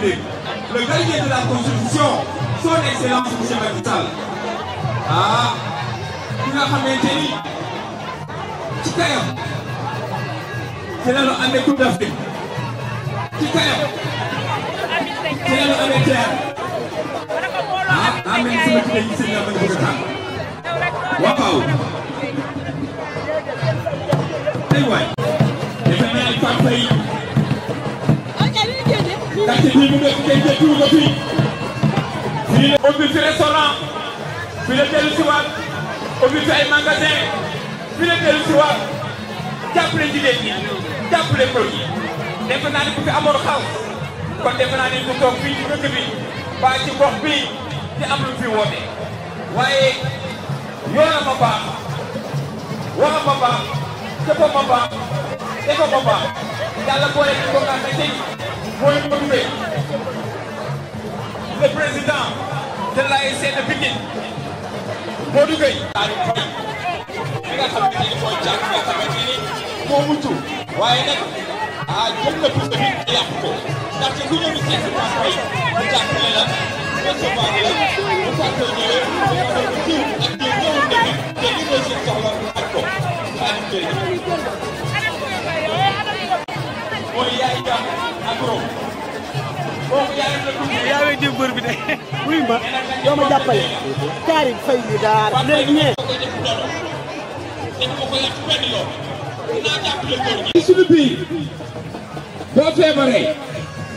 République, le gardien de la Constitution, son excellence monsieur Macky Sall ah ki nga xamante ci kayam ci la ñu amee Coupe d'Afrique ci kayam ci la ñu amee terre ah am nañu sama kii yi sëñ la ma ñu bëgg a tànn waaw. aywaay defe naa ne ndaxte lii mu nekk tey jëkkiwu ko fii fii la ubbi fi restaurant fi dellu si waat ubbi ay magasin fi dellu si waat jàppale jigéen ñi jàppale góor ñi defe naa ne bu fi amoon xaw kon defe naa toog fii ci dëkk bi ci gox bii di am lu fi woote waaye yoona ma baax waxa ma baax jëfa ma baax defa ma baax yàlla boole ci ko nga mooy Mbappé le président de l'ASC de Pikine Modou Gueye mi nga xam ne mooy jàng nga xamante ni moo mucc waaye nag ah jot na pour tamit nga yàq ko ndaxte ku ñëw ci si Pape Mbaye mu jàppale la recevoir la bu fàttee ñëwee nga xam ne jiw ak jiw ñëwul tamit te li ngay seen soxla ak ko xaalis jërëjëf mooy yaay jàng yaa ngi dégg bër bi de. wuyu ma doo ma jàppale. Karim Faye ñu daar léegi ñee. ci suñu biir doo feebaree.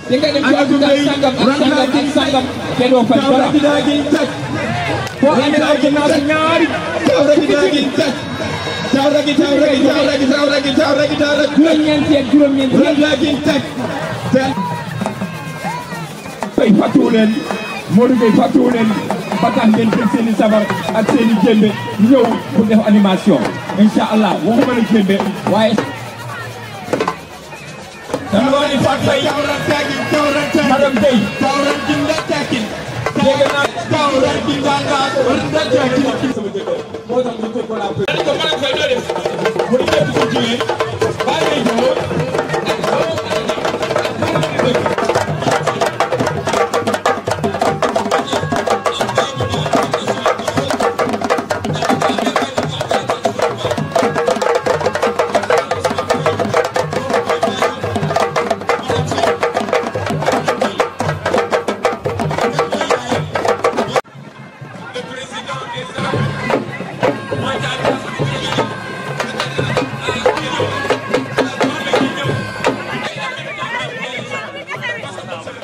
di nga dem ci sangam ak sangam ak sangam te doo faj dara. boo amee ordonnance ñaari. juróom-ñeenteel juróom-ñeenteel fàttewu leen Modou Gueye fàttewu leen ba seen i sabar ak seen i jëmbe ñëw pour def animation incha allah waxuma la jëmbe waaye. dama moo tax ñu ko ko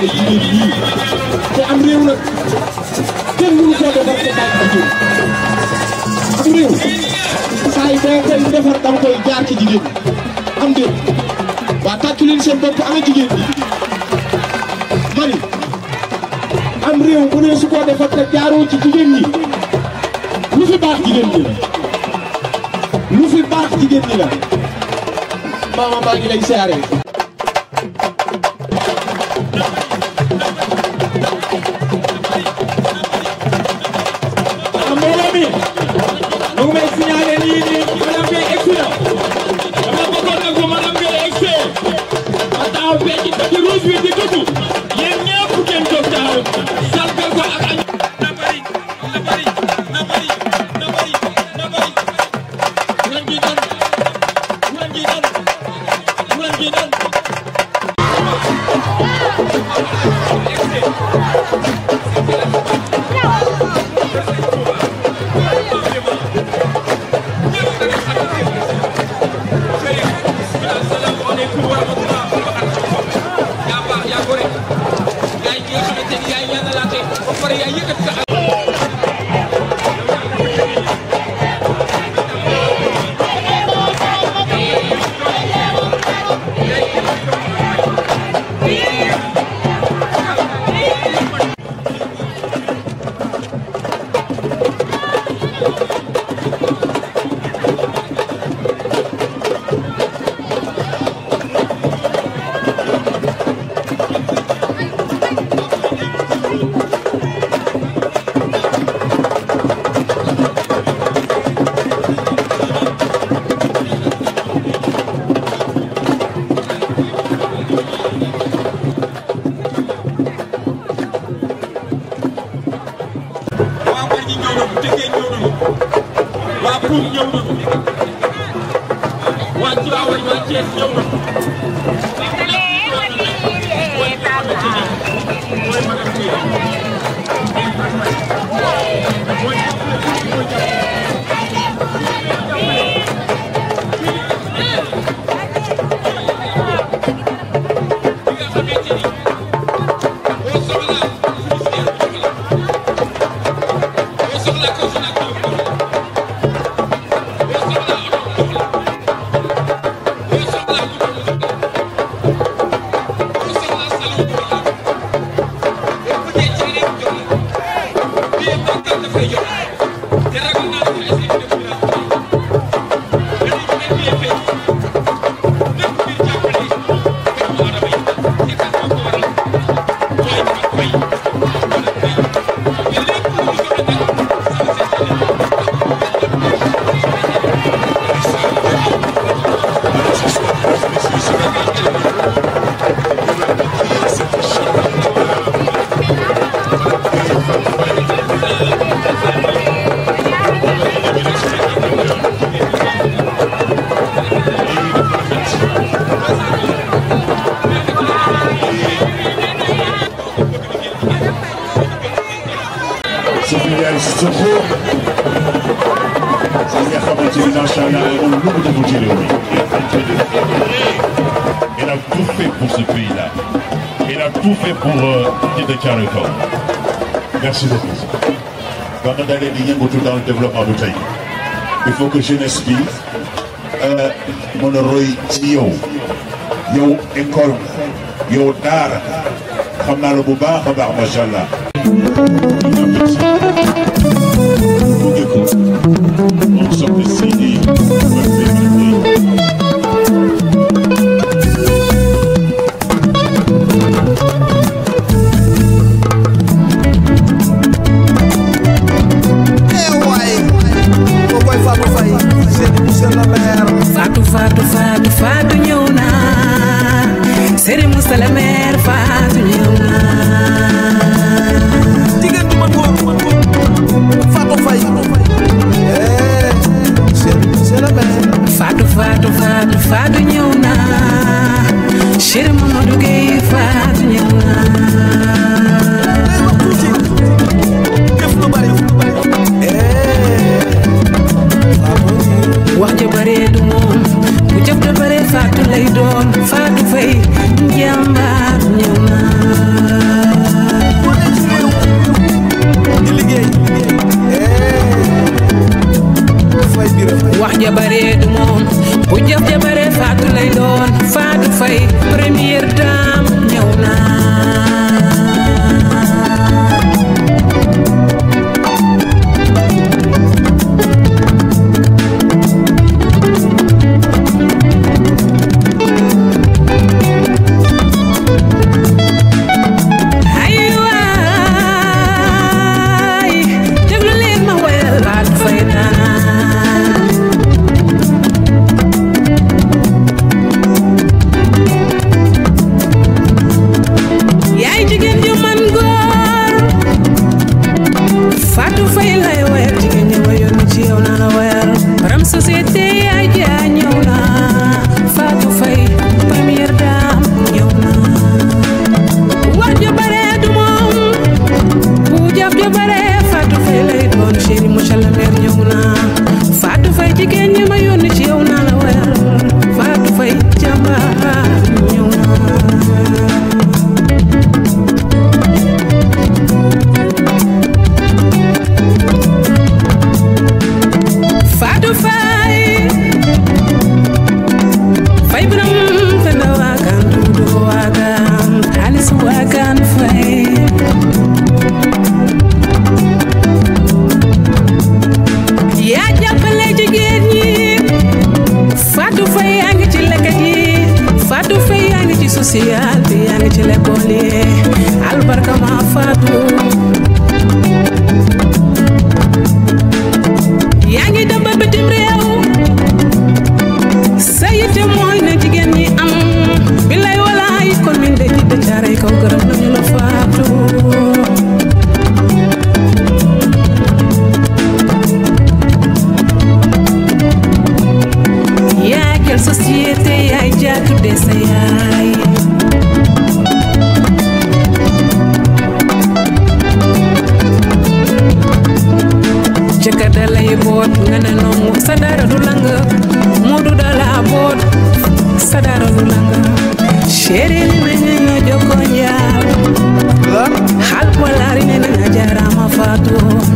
te am réew nag kenn mënu koo defar te bàyyi ko am réew saa yi boo koy defar da koy jaar ci jigéen am déet waa tàccu leen seen bopp ana jigéen bi mani am réew bu ne su koo defar te jaaroo ci jigéen ñi lu fi baax jigéen ñi la lu fi baax jigéen ñi la maama maa ngi lay Thiaroye Kaw merci beaucoup bana dalee di yëngatu dans le développement du tey il faut que jeunesse bi euh, mën a roy ci yow yow école yow daara xam naa la bu baax a baax macha allah bu njëkk on c'est le maire Sheril menena jokonya Hal polari menena jarama fatu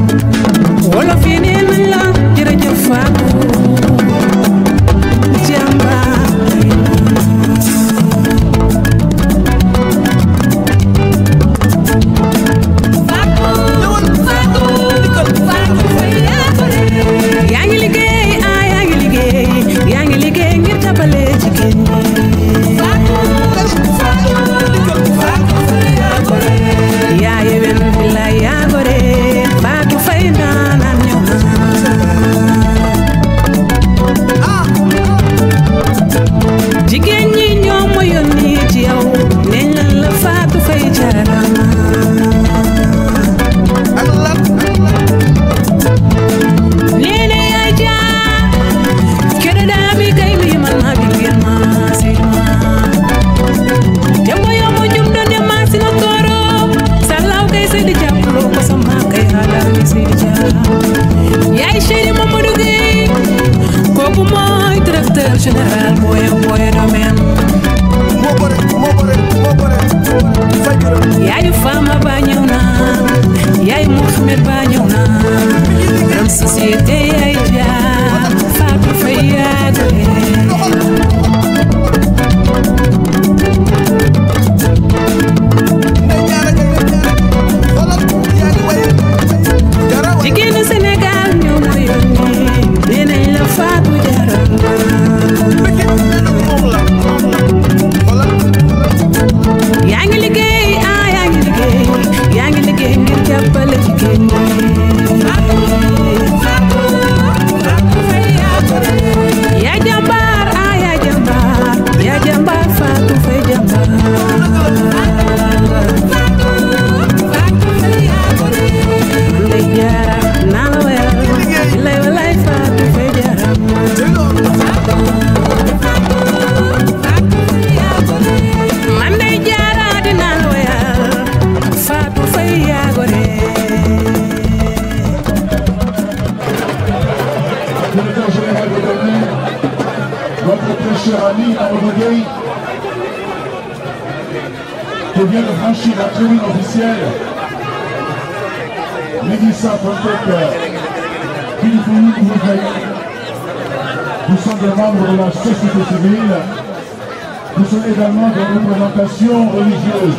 également des représentations religieuses.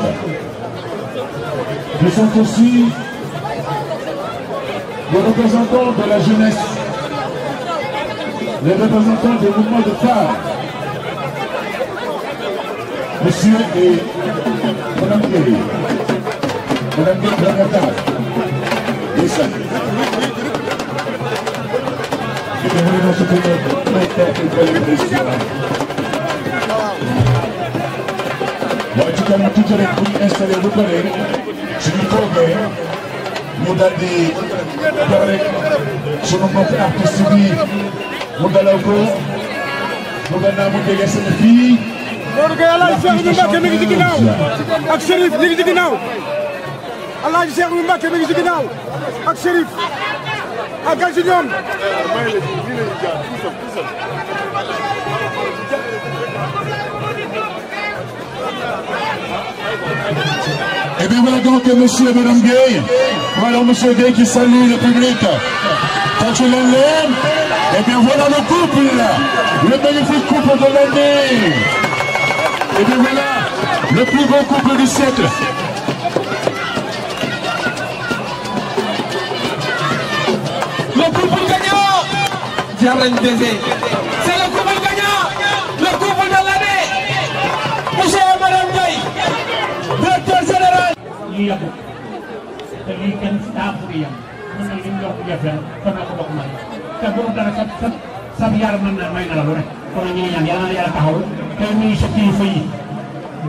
Ils sont aussi les représentants de la jeunesse, les représentants des mouvements de femmes. Monsieur et Madame Guéry, Madame Guéry les ci kanam tuuti rek bu ñu installé ba pare suñu programme ñu daal di jox rek sunu mbokku artiste bi mu dalal ko mu gannaaw mu jege seen fii. loolu kay El Hadj Cheikh Mbacke mi ngi ci ginnaaw ak Chérif mi ngi ci ginnaaw El Hadj Cheikh Mbacke mi ngi ci ginnaaw ak Chérif ak gàncax ñoom. Et bien voilà donc monsieur et madame Gay. Voilà monsieur Gay qui salue le public. Quand je l'enlève, et bien voilà le couple, le magnifique couple de l'année. Et bien voilà, le plus beau couple du siècle. Le couple gagnant. Diable baiser. yàqu te lii kenn daa bëgg yàqu mën na lim yokku jafe kon naa ko bokk may te boobu dara sa sa sa yaram mën na may na la lu rek kon nag ñu ngi ñaan yàlla na yàlla te nuyu sa kilifa yi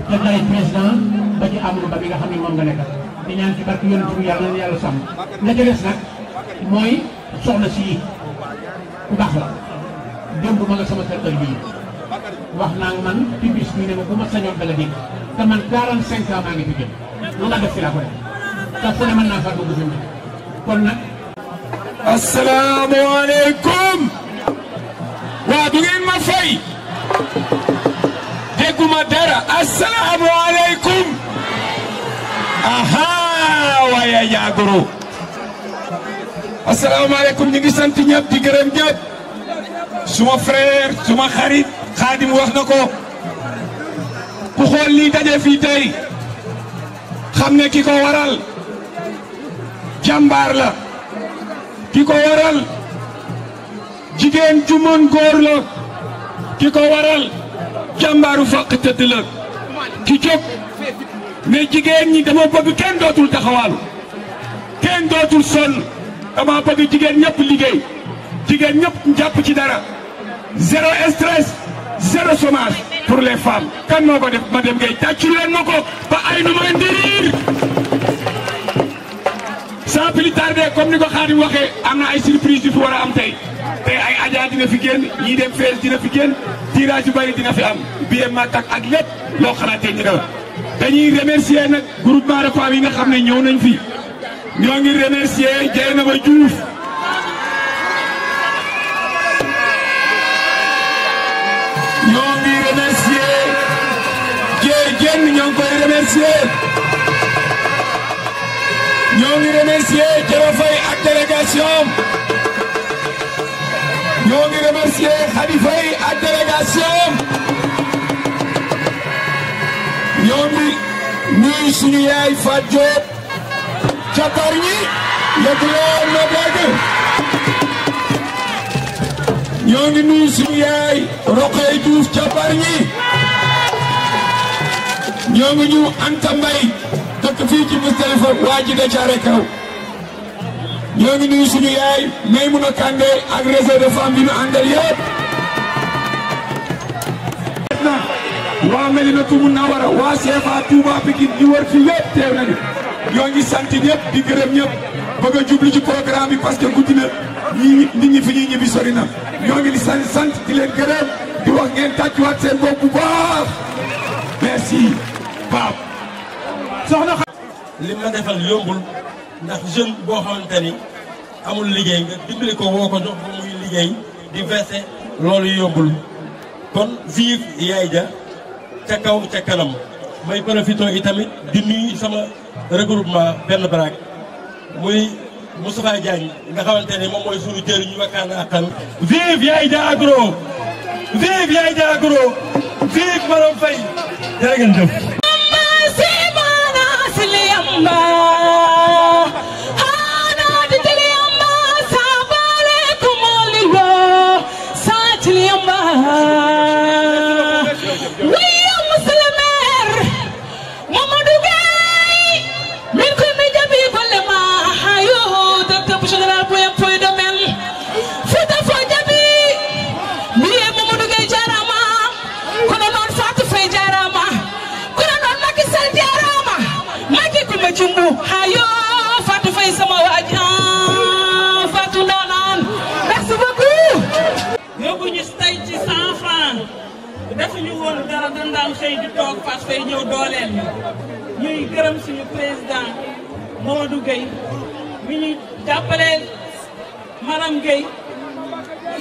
jël na président ba ci amul nag mooy soxna si ku baax la démb ma nga sama kër bii wax naa man ci bis bi bu ma sañoon dala dégg te man 45 ans maa ngi fi jëm lu ma def fi laa ko def te fu ne mën naa faa suma frère suma xarit. xaadim wax na ko. ku xool lii daje fii tey. xam ne ki ko waral jàmbaar la ki ko waral jigéen ju mën góor la ki ko waral jàmbaaru fàq tëdd la ki jóg mais jigéen ñi dama bëgg kenn dootul taxawaalu kenn dootul sonn dama bëgg jigéen ñëpp liggéey jigéen ñëpp jàpp ci dara zéro stress zéro chômage pour les femmes kan moo ko def Madame Gueye tàccu leen ma ko ba ay nu ma ndirir sans plus tarder comme ni ko Khadim waxee am na ay surprise yu fi war a am tey tey ay Adja dina fi génn ñii dem fees dina fi génn tirage yu bëri dina fi am biir matak ak lépp loo xalaatee a ne dañuy remercier nag groupement de femmes yi nga xam ne ñëw nañ fi ñoo ngi remercier Dieynaba Diouf. ñoo ngi remercier Dieye délégation ñoo ngi remercier Khady délégation ñoo ngi nuyu suñu yaay Fatou Diop ca ñoo ngi nuyu suñu yaay Roqay Diouf ca Bargny ñoo ngi ñu Anta Mbaye dëkk fii ci Mousdalifa waa ji da caare kaw ñoo ngi nuyu suñu yaay Maymuna Kande ak réseau de femmes bi ñu àndal yëpp na waa Medinatu Munawara waa CFA Touba Pikine ñu fi yëpp teew nañu ñoo ngi sant ñëpp di gërëm ñëpp bëgg a jublu ci programme bi parce que guddi na ñii nit ñi fi ñuy ñibbi sori ñoo ngi di sant sant di leen gërëm di wax ngeen tàccuwaat seen bopp baax merci Pape. soxna xam li ma defal yombul ndax jeune boo xamante ni amul liggéey nga dimbali ko woo ko jox ba muy liggéey di verser loolu yombul kon vive yaay ja ca kaw ca kanam may profité itamit di nuyu sama regroupement benn baraag muy. Moustapha Diagne nga xamante ne moom mooy suñu jëriñu wakkaana akal vive Yaye Agro vive Yaye Agro vive Maram Faye jërë ngeen jëf boyam foy do mel fuuta fo jaɓi mbiye Mamadou Gueye jarama kono noon Fatou Faye jarama kono noon Macky Sall jarama Macky Coumba Dioumbu ha yo Fatou Faye sama waaji ah, Fatou Ndanane merci beaucoup yóbbuñu tey ci cent francs defuñu woon dara dañ daan di toog Fatou Faye ñëw dooleel ñuy gërëm suñu président Mamadou Gueye mi ñu jàppale Maram Gueye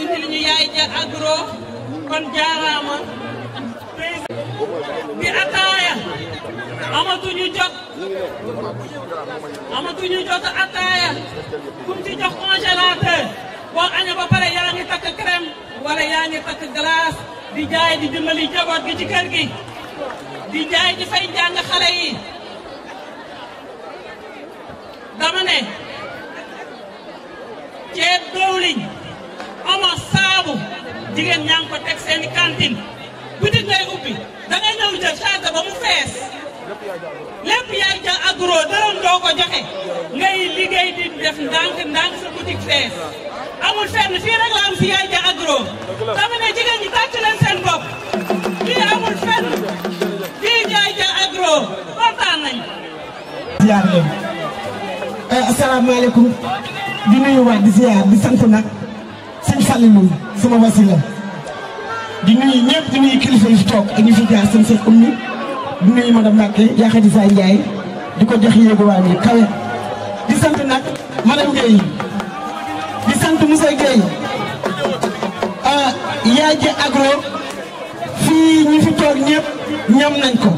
indi ñu yaay ja agro kon jaaraama bi ataaya amatuñu jot amatuñu jot ataaya kum ci jox congélateur boo aña ba pare yaa ngi takk crème wala yaa ngi takk glace di jaay di dimbali jaboot gi ci gi di jaay di fay jàng xale yi dama ceeb dowliñ omo saabu jigéen ñaa ko teg seeni cantine bitig ngay ubbi da ngay jël charge ba mu fees lépp yaay jël agro dërëm doo ko joxe ngay liggéey di def ndànk ndànk sa boutique fees amul fenn fii rek la yaay jël agro dama ne jigéen ñi tàcc leen seen bopp fii amul fenn fii yaay jël agro kontaan nañ. Eh, asalaamaaleykum. di nuyuwaat di ziar di sant nag sëñ Fallou sama wasila di nuyu ñëpp di nuyu kilifa yi fi toog ak ñu fi jaar seen seet comme ni di nuyu madame Mbacke Diakhaté Sa Ndiaye di ko jox yéeguwaay yi kawe. di sant nag madame Guèye di sant monsieur Guèye ah yaa ji agro fii ñu fi toog ñëpp ñam nañ ko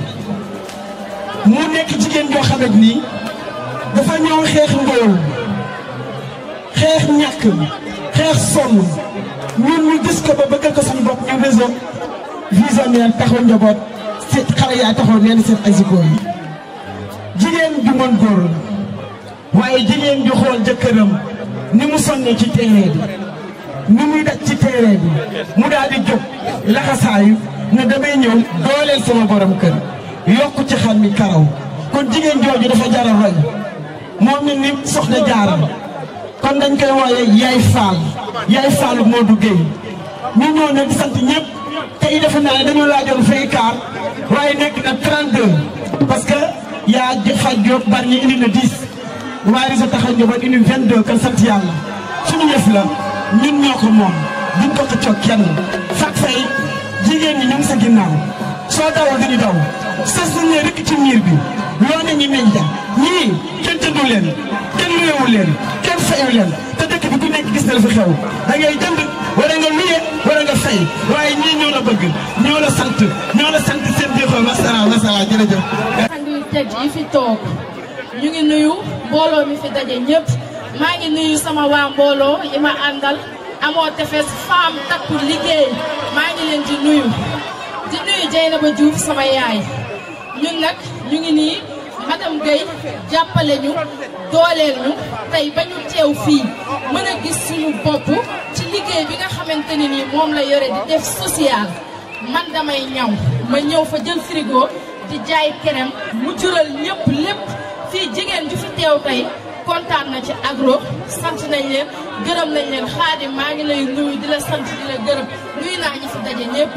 mu nekk jigéen joo xamante ni dafa ñëw xeex mbooloo. xeex ñàkk xeex sonn ñun ñu gis ko ba bëggal ko suñu bopp ñu réseau visionnaire taxaw njaboot si xale yaa taxaw neen seen ay jigéen ju mën góor waaye jigéen ju xool jëkkëram ni mu sonnee ci terrain bi muy daj ci terrain mu daal di jóg laxasaayu ne damay ñëw dooleel sama borom kër yokk ci xam mi karaw kon jigéen jooju dafa jara roy moom ni ni soxna jaaram kon dañ koy wooyee Yaay Fall Yaay Fall Modou Gueye ñu ñëw nag sant ñëpp tey defe naa ne dañoo laajoon fay kaar waaye nekk na 32 parce que yaa Jafa Diop bari ñu indi na 10 waaye sa tax a njaboot indi 22 kon sant yàlla suñu yëf la ñun ñoo ko moom duñ ko ko coog kenn. fak fay jigéen ñi ñu ngi sa ginnaaw soo dawul dañu daw sës nañ ne rek ci miir bi loo ne ñu meññ ñii kenn tëddu leen kenn luyewu leen. fayu te dëkk bi ku nekk gis na fi xew da ngay jënd wala nga luye wala nga fay waaye ñii ñoo la bëgg ñoo la sant ñoo la sant seen jéego masala masala jërëjëf. fi toog ñu mbooloo mi fi daje maa ngi nuyu sama waa mbooloo yi ma àndal amoo tefes femme takku liggéey maa ngi leen di nuyu di nuyu Dieynaba Diouf sama yaay ñun nag ñu ngi nii. madame Gueye jàppale ñu dooleel ñu tey ba ñu teew fii mën a gis suñu bopp ci liggéey bi nga xamante ne nii moom la yore di def social man damay ñaw ma ñëw fa jël frigo di jaay kerem mu jural ñëpp lépp fii jigéen ju fi teew tey kontaan na ci agro sant nañ leen gërëm nañ leen xaadim maa ngi lay nuyu di la sant di la gërëm nuyu naa ñi fi daje ñëpp.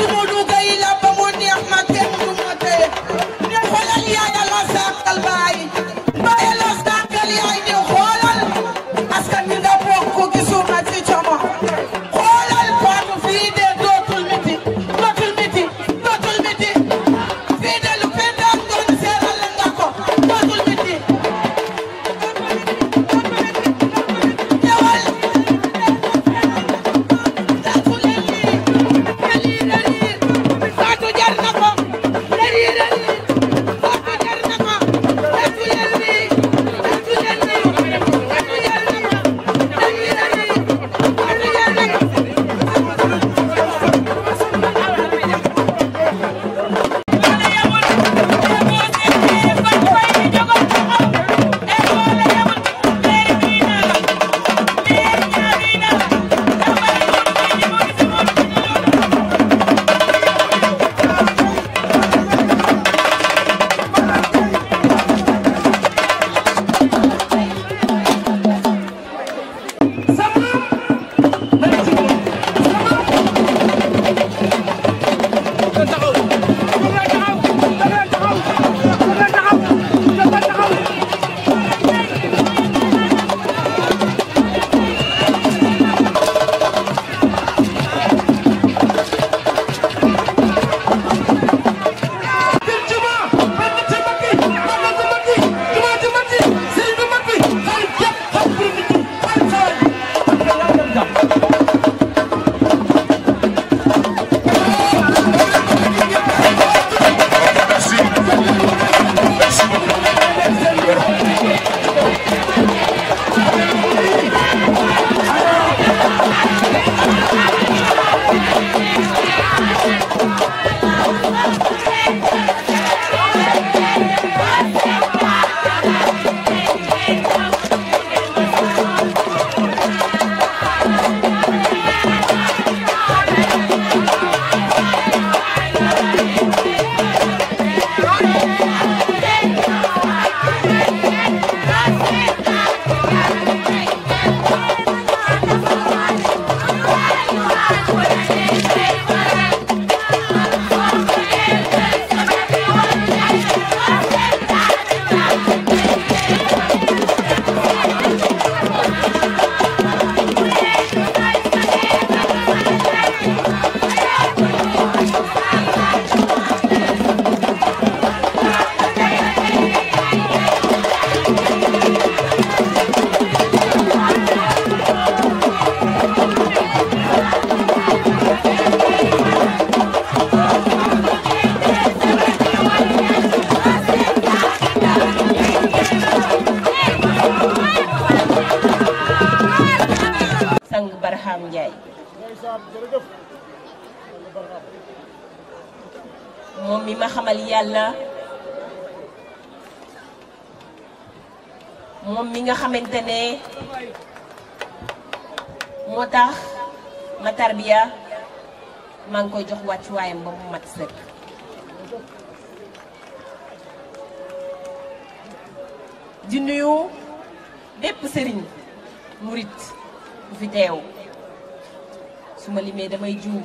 Let's go. xamal yàlla moom mi nga xamante ne moo tax ma tarbiya maa ngi koy jox wàccuwaayam ba mu mat sëkk di nuyu bépp sëriñ murit bu fi teew su ma limee damay juum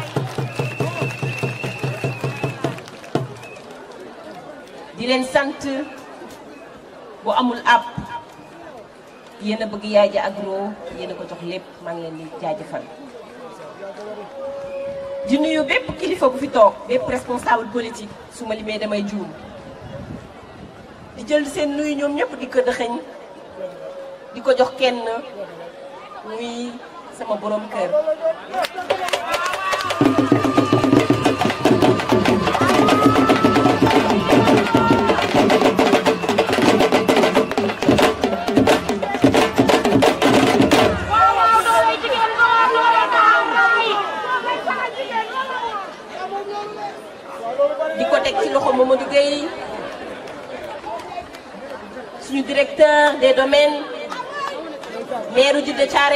di leen sant bu amul àpp yéen a bëgg Yaye Dia Agro yéen a ko jox lépp maa ngi leen di jaajëfal. di nuyu bépp kilifa bu fi toog bépp responsable politique su ma limee damay juum di jël seen nuyu ñoom ñëpp di ko dëxëñ di ko jox kenn muy sama borom kër.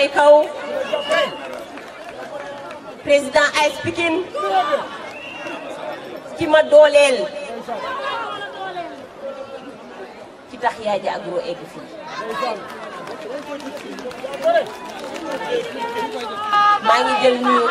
Mbaye Kaw président AS Pikine ki ma dooleel ki tax Yaaja Agro egg fii ngi jël nuyu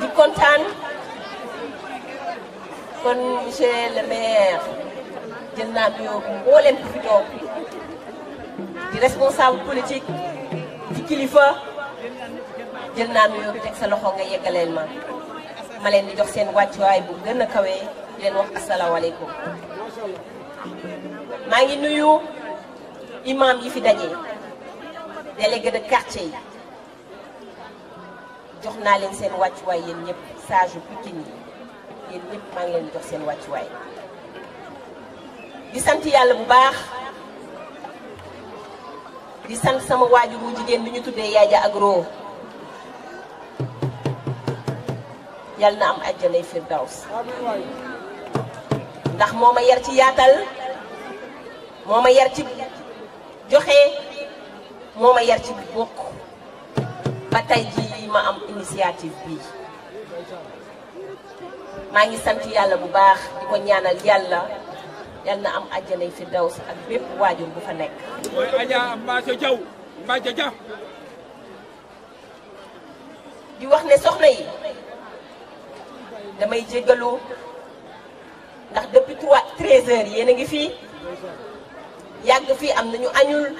di kontaan kon monsieur maire jël naa nuyoo mbooleem ku fi toog di responsable politique di kilifa jël naa nuyoo bi teg sa loxo nga yeggaleel ma ma leen di jox seen wàccuwaay bu gën a kawe di leen wax asalaamaaleykum maa ngi nuyu imam yi fi daje délégué de quartier yi. jox naa leen seen wàccuwaay yéen ñëpp saaju Pikine yi yéen ñëpp maa leen jox seen wàccuwaay di sant yàlla bu baax di sant sama waajur wu jigéen bi ñu tuddee Yaaja Agro yàlla na am àjjanay firdaws ndax moo ma yar ci yaatal moo ma yar ci joxe moo ma yar ci bokk ba tey jii ma am initiative bi maa ngi sant yàlla bu baax di ko ñaanal yàlla yal na am àjjanay fi daws ak bépp waajur bu fa nekk. mooy Adja Mbathio Diaw Mbathio di wax ne soxna yi damay jéggaloo ndax depuis trois treize heures yéen a ngi fii yàgg fii am nañu añul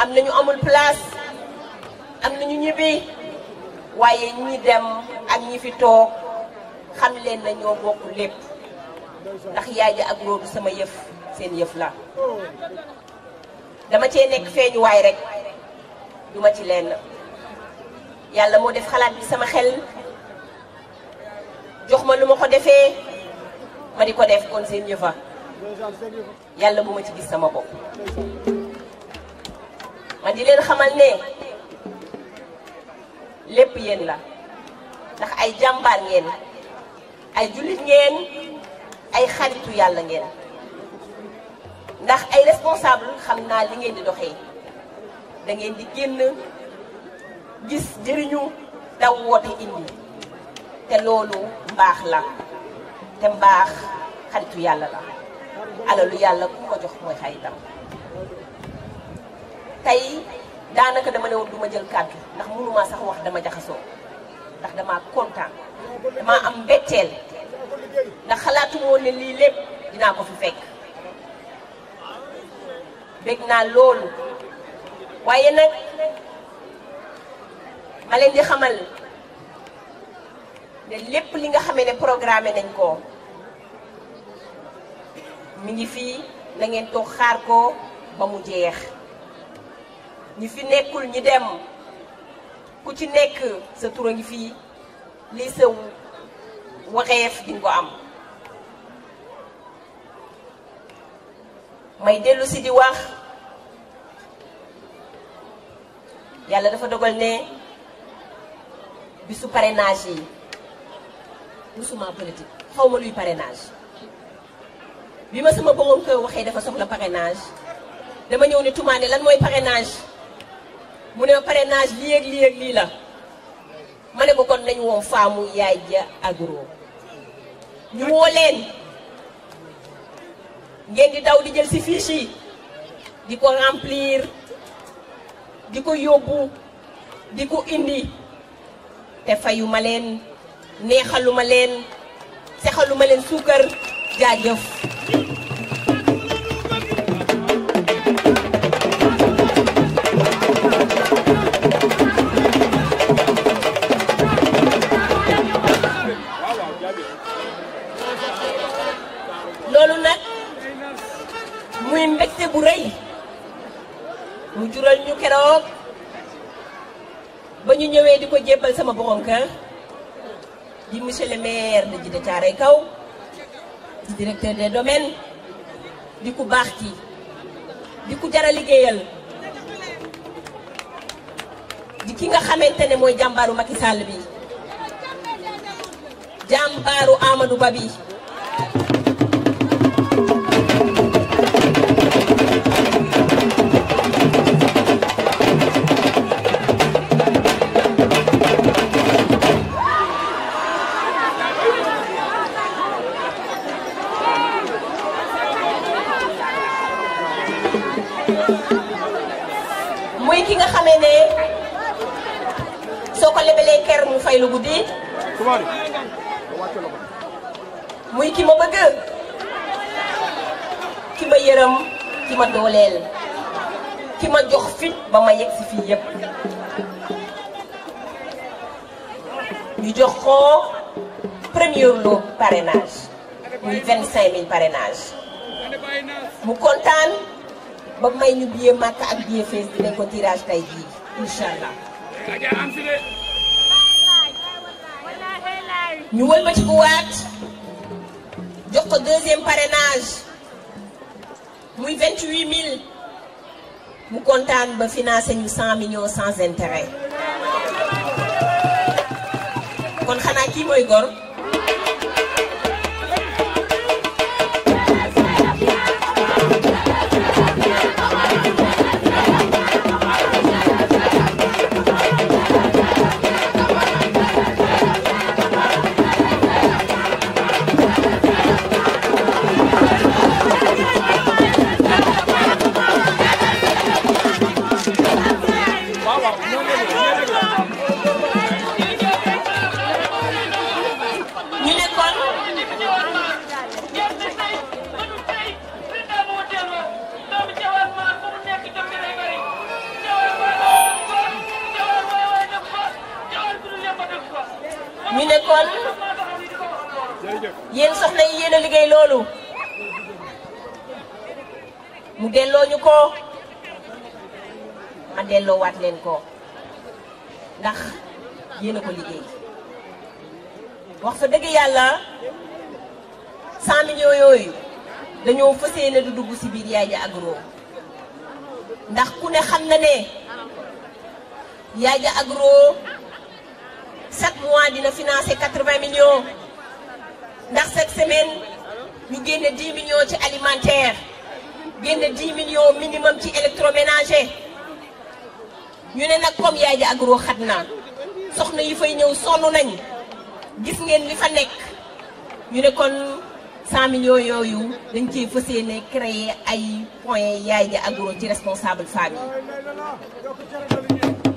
am nañu amul place. am na ñu ñibbee waaye ñu ñi dem ak ñi fi toog xam leen na ñoo bokk lépp ndax yaay ja ak loolu sama yëf seen yëf la dama cee nekk feeñuwaay rek duma ci lenn yàlla moo def xalaat bi sama xel jox ma lu ma ko defee ma di ko def koon seen yëfa yàlla bu ma ci gis sama bopp ma di leen xamal ne lépp yéen la ndax ay jàmbaar ngeen ay jullit ngeen ay xaritu yàlla ngeen ndax ay responsable xam naa li ngeen di doxee da ngeen di génn gis jëriñu daw woote indi te loolu mbaax la te mbaax xaritu yàlla la alalu yàlla ku ko jox mooy xaritam tey daanaka dama ne woon du jël kàddu ndax mënuma sax wax dama jaxasoo ndax dama kontaan dama am mbetteel ndax xalaatuma woon ne lii lépp dinaa ko fi fekk bég naa loolu waaye nag ma leen di xamal ne lépp li nga xame ne programmé nañ ko mi ngi fii na ngeen toog xaar ko ba mu jeex ñi fi nekkul ñi dem ku ci nekk sa tur a ngi fii lii sa waxeef di ko am may dellusi si di wax yàlla dafa dogal ne bisu parrainage yi musuma politique xaw ma luy parrainage bi ma sama borom kër waxee dafa soxla parrainage dama ñëw ne tumaane lan mooy parrainage mu ne parrainage lii yéeg lii ak lii la ma ne ko kon nañu woo faamu yaay ja agro ñu woo leen ngeen di daw di jël si fiche yi di ko remplir di ko yóbbu di ko indi te fayuma leen neexaluma leen sexaluma leen suukar jaajëf borom kër di monsieur le maire de Djiddah Thiaroye Kao di directeur des domaines di ku baax ki di ku jara liggéeyal di ki nga xamante ne mooy jàmbaaru Macky sàll bi jàmbaaru Amadou Ba bi jox fit ba ma yegg si fii yépp ñu jox ko premier lot parrainage muy vingt cinq mille parrainage mu kontaan ba may ñu billet Makka ak billet Fès dinañ ko tirage tay jii incha ñu wëlbati ko waat jox ko deuxième parrainage muy vingt mu kontaan ba financé ñu 100 millions sans intérêt kon xanaa kii mooy gor Medina soxna yi fay ñëw sonn nañ gis ngeen li fa nekk ñu ne kon 100 yooyu dañ cee fas yéene créer ay points yaay ja agro ci responsable femmes yi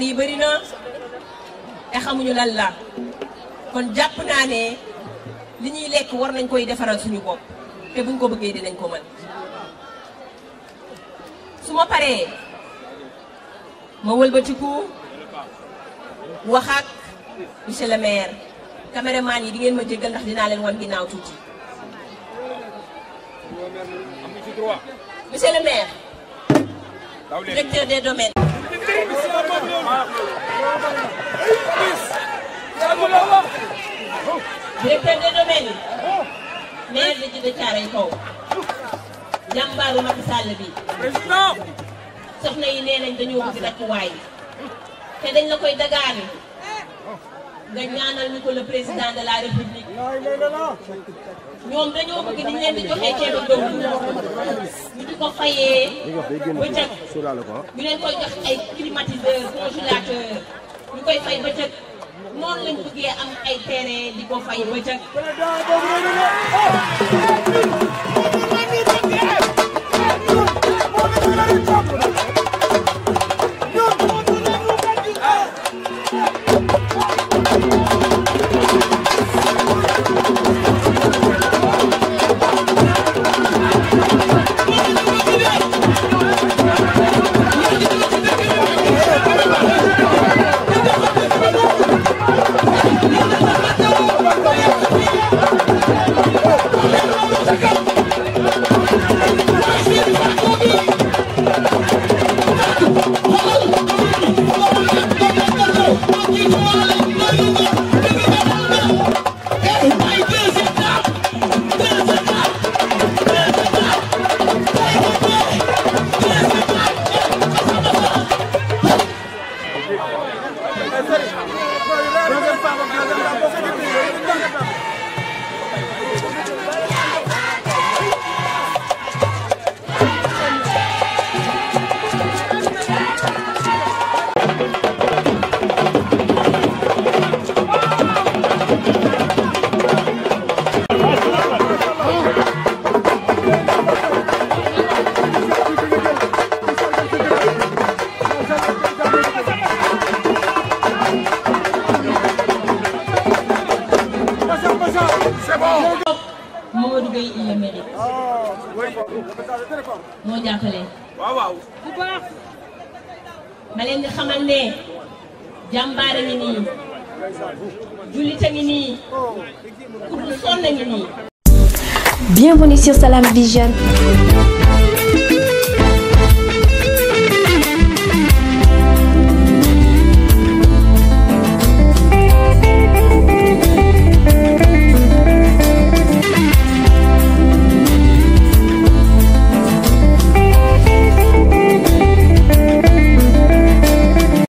lii yi bëri xamuñu lan la kon jàpp naa ne li ñuy lekk war nañ koy defaral suñu bopp te buñ ko bëggee dinañ ko mën su ma paree ma wëlbatiku wax ak monsieur le maire caméraman yi di ngeen ma jéggal ndax dinaa leen wan ginnaaw tuuti monsieur le maire directeur des domaines directeur des domaines yi maire de Djidah Thiaroye Kaw jàmbaaru Macky Sall bi soxna yi nee nañ dañoo bëgg dakkuwaay te dañ la koy dagaane nga ñaanal ko le président de la république ñoom dañoo bëgg di leen di joxee ceeb ak ñu di ko fayee bëccëg ñu leen koy jox ay climatiseur congélateur ñu koy fay bëccëg noonu lañ bëggee am ay terrain di ko fay bëccëg Salam Vision.